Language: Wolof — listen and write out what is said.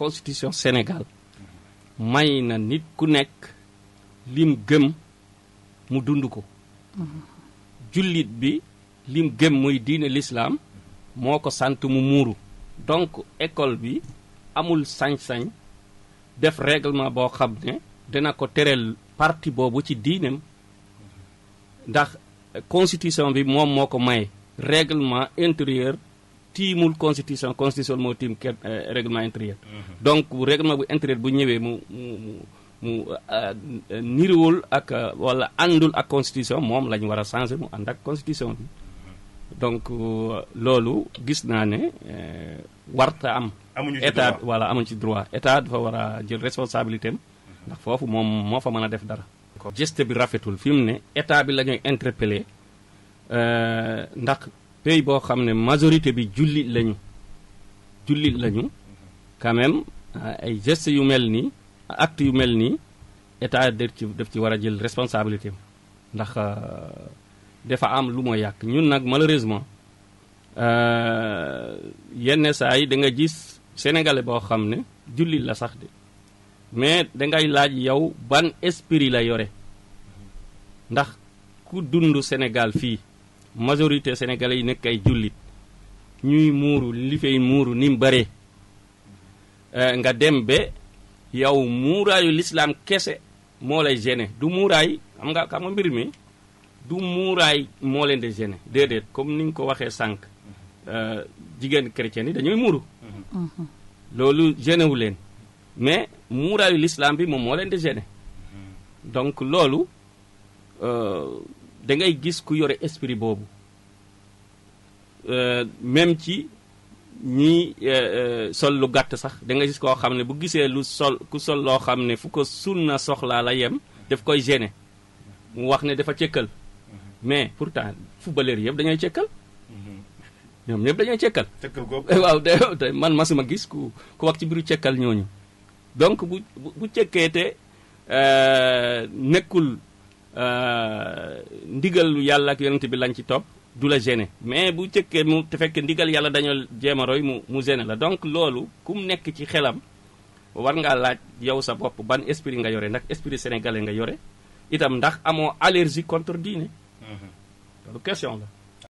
constitution Sénégal may na nit ku nekk lim gëm mu dund ko jullit bi lim gëm muy diine lislaam moo ko sant mu muuru donc école bi amul sañ-sañ def réglement boo xam ne dina ko tereel parti boobu ci diineem ndax constitution bi moom moo ko may réglement intérieur tiimul constitution constitution moo tiim kenn eh, règlement intérieur mhm. donc règlement bu intérieur bu ñëwee mu mu mu euh, niriwul ak euh, wala àndul ak constitution moom la ñu war a changer mu ànd ak constitution bi donc euh, loolu gis naa ne warta am état wala amuñu ci droit état fa war a jël responsabilité am mhm. ndax foofu moom moo fa mën a def dara geste bi rafetul fi mu ne état bi la ñuy ndax pays boo xam ne majorité bi jullit lañu jullit lañu quand euh, ay gestes yu mel nii actes yu mel nii état daf ci daf ci war a jël responsabilité ndax euh, dafa am lu ma yàq ñun nag malheureusement euh, yenn saa yi da nga gis sénégalais boo xam ne jullit la sax de mais dangay laaj yow ban esprit la yore ndax ku dund Sénégal fii. majorité sénégalais yi nekk ay jullit ñuy muuru li fay muuru ni mu bëree euh, nga dem ba yow muuraayu lislaam kese moo lay génne du muuraay xam nga xam nga mbir mi du muuraay moo leen di gêné déedéet comme ni nga ko waxee sànq euh, jigéen chrétien yi dañuy muuru mm-hmm. loolu gêné leen mais muuraayu lislaam bi moom moo leen de gêné mm-hmm. donc loolu euh, da ngay gis ku yore esprit boobu euh, même ci ñi euh, euh, sol lu gàtt sax dangay gis koo xam ne bu gisee lu sol ku sol loo xam ne fu ko na soxlaa la yem daf koy gêner mu wax ne dafa cëkkal mais pour temps footballeur yëpp dañooy cëkkal ñoom ñëpp dañooy cëkkal waaw de man masuma gis ku ku wax ci biiru cëkkal ñooñu donc bu bu cëkkee te nekkul Euh, ndigal yàlla ak yonent bi lañ ci topp du la gêner mais bu jëkkee mu te fekk ndigal yàlla dañoo jéem mu mu gêner la donc loolu ku mu nekk ci xelam war ngaa laaj yow sa bopp ban esprit nga yore ndax esprit sénégalais nga yore itam ndax amoo allergie contre diine mm-hmm. question la